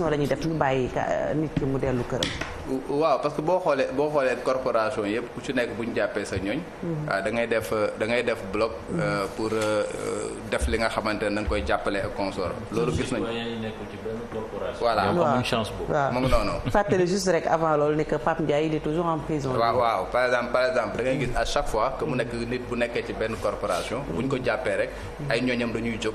waaw la ñuy def ñu bàyyi euh, nit ki mu dellu këram. waaw parce que boo xoolee boo xoolee corporation yëpp ku ci nekk bu ñu jàppee sa ñooñ. waaw mhm. ah, da ngay def euh, da ngay def bloc. Euh, mhm. pour def li nga xamante ne da nga koy jàppale ak loolu gis nañu voilà waaw chance boobu mu ngi noonu. fàttali juste rek avant loolu ne que Pape exemple par exemple da gis à chaque fois que mu nekk nit bu nekkee ci benn corporation. bu ko jàppee rek mhm. ay ñooñam dañuy jóg.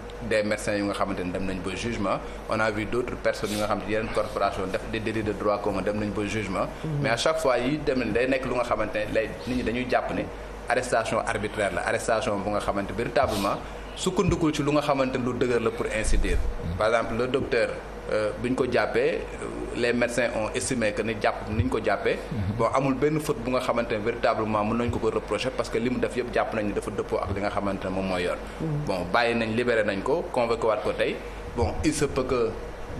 des médecins qui ont fait un bon jugement on a vu d'autres personnes qui ont fait une corporation des délits de droit commun dem un bon jugement mhm. mais à chaque fois yi dem les day nekk lu nga xamante ont lay nit ñi dañuy arrestation arbitraire la arrestation bu nga xamante véritablement sukkandikul ci lu nga xamante lu dëgër la pour ainsi dire mhm. par exemple le docteur euh, ko les médecins ont estimé que ni jàpp niñ ko mhm. bon amul benn faute bu nga véritablement nañ reprocher parce que def nañ ni dafa ak li nga mhm. bon libéré bon il se peut que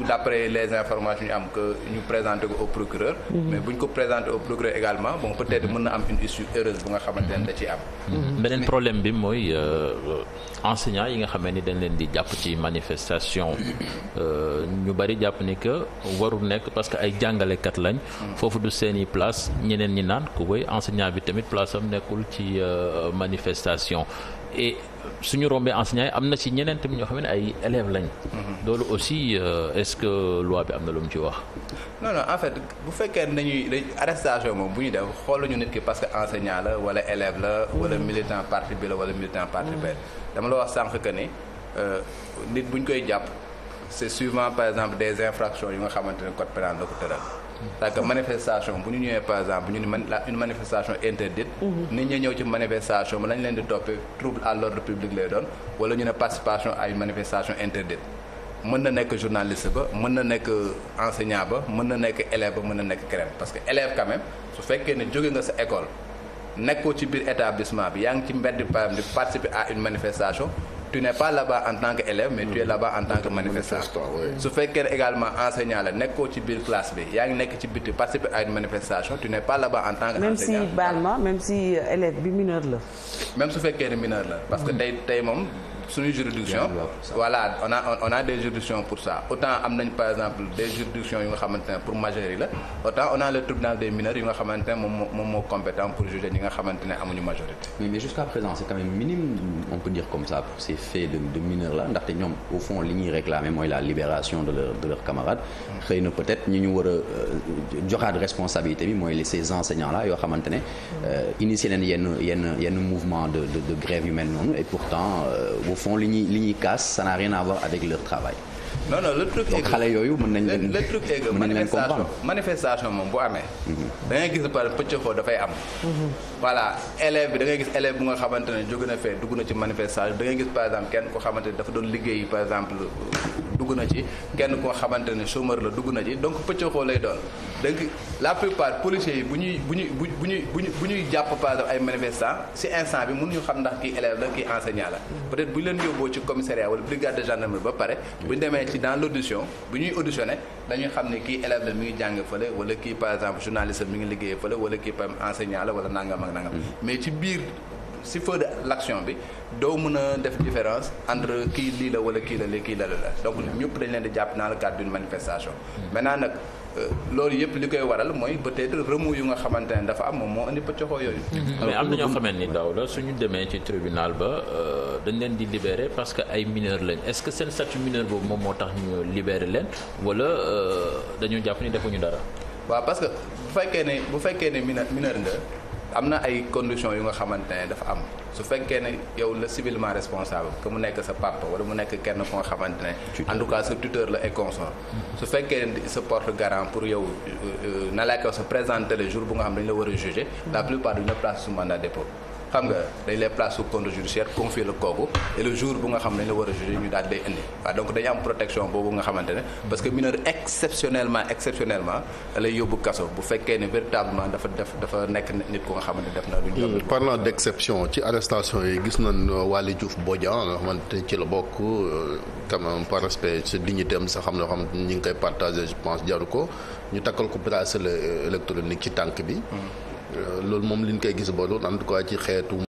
d'après les informations ñu am que ñu présenté ko au procureur. Mhm. mais bu ñu ko présenté au procureur également bon peut-être mën am une issue heureuse bu nga xamante ne da ciy am. Mhm. Mhm. beneen problème bi mooy euh, enseignants yi nga xamee ni dañ leen di jàpp ci manifestation euh, ñu bari jàpp ni que warul nekk parce que ay jàngalekat lañ. foofu du seeni place ñeneen ñi naan ku koy enseignant bi tamit place am nekkul ci euh, manifestation et suñu rombee enseignant amna ci ñeneen tamit ñoo xam ay élèves lañ. Mhm. loolu aussi euh, est-ce que loi bi amna lu mu ci wax. non non en fait bu fekkee nañuy arrestation moom bu ñu def xooluñu nit ki parce que enseignant la wala élève la. wala militant parti bi la wala militant parti bi dama la wax sànq que ni euh, nit buñ koy jàpp c'est souvent par exemple des infractions yu nga xamante ne code pénal la ko tëral. La manifestation bu ñu par exemple ñu une manifestation interdite. Mhm. nit ñi ñëw ci manifestation bi lañ leen di trouble à l'ordre public lay doon wala ñu ne participation à une manifestation interdite. mën na nekk journaliste ba mën na nekk enseignant ba mën na nekk élève ba mën na nekk crème parce que élève quand même su fait ne jóge nga sa école nekkoo ci biir établissement bi yaa ngi ci mbedd par exemple participer à une manifestation tu n'es pas là-bas en tant qu'élève mais tu es là-bas en tant que manifestant fait qu'elle ne également enseignant la nekkoo ci biir classe bi yaa nekk ci biti à une manifestation tu n'es pas là-bas en tant que même si Balma, même si euh, élève bi mineur là. même su qu'elle est mineur là, parce que mm. tu es... moom une juridiction voilà on a on a des juridictions pour ça autant amener par exemple des juridictions pour majorité autant on a le tribunal des mineurs qui sont compétents compétent pour juger ñi nga majorité mais jusqu'à présent c'est quand même minime on peut dire comme ça pour ces faits de mineurs là ndaxte au fond li ñuy réclamer la libération de leurs camarades xëy peut-être ñi ñu une euh, responsabilité bi les ces enseignants là ils ont ne euh, initier il yenn yenn mouvement de grève humaine, et pourtant euh, font font casse ça n'a rien à voir avec leur travail non non le truc est que xale yooyu mën nañ leen le truc est manifestation moom bu amee. Mhm. da ngay gis par pëccëxoo dafay am. Mhm. voilà élève bi da ngay gis élève bu nga xamante ne jóge na fee dugg na ci manifestation da ngay gis par exemple kenn ko xamante ne dafa doon liggéey par exemple. dugg na ci kenn koo xamante ne chômeur la dugg na ci donc pëccëxoo lay doon donc la plupart policiers yi bu ñuy bu ñuy bu ñuy bu ñuy bu ñuy jàpp par exemple ay manifestants si instant bi mun ñu xam ndax kii élève la kii enseignant la mhm. peut-être bu leen yóbboo ci commissariat wala ba pare dans l' audition bu ñuy auditionné dañuy xam ne kii élève la mi ngi jàng fale wala kii par exemple journaliste mi ngi liggéeyee fële wala kii par enseignant la wala nangam ak nangam mm-hmm. mais ci biir si feu de l'action bi do différence entre qui li la wala la la donc dañ leen dans le cadre d'une manifestation hmm. maintenant euh, waral peut-être yu nga dafa am indi hmm. mais am ni suñu tribunal ba euh, dañ leen libérer parce que ay mineurs est-ce que le statut mineur boobu moom tax ñu libérer leen euh, dara parce que bu ne bu ne mineur am ay conditions yu nga xamante ne dafa am su fekkee yow le civilement responsable que mu nekk sa papa wala mu nekk kenn ko nga en tout cas tuteur la et consort su fekkee ne porte garant pour yow euh, euh, présenter le jour où nga xam dañ la la plupart duñu place sous mandat dépôt xam nga dañ lay place au contrôle judiciaire confier le kooku et le jour bu nga xam ne la war a jugé ñu daal day indi waaw donc dañu am protection boobu nga xamante ne parce que mineur exceptionnellement exceptionnellement lay yóbbu kaso bu fekkee ne véritablement dafa def dafa nekk nit ku nga xamante def na lu ñu hmm, parlant d'exception ci arrestation yi gis nañ euh, Waly Diouf Bodian nga xamante ci la bokk euh, quand même par respect sa dignité am sa xam na xam ñu ngi koy partager je pense jaru ko ñu takkal ko bracelet euh, électronique ci tànk bi hmm. Euh, loolu moom liñ koy gis ba doon en tout ci xeetu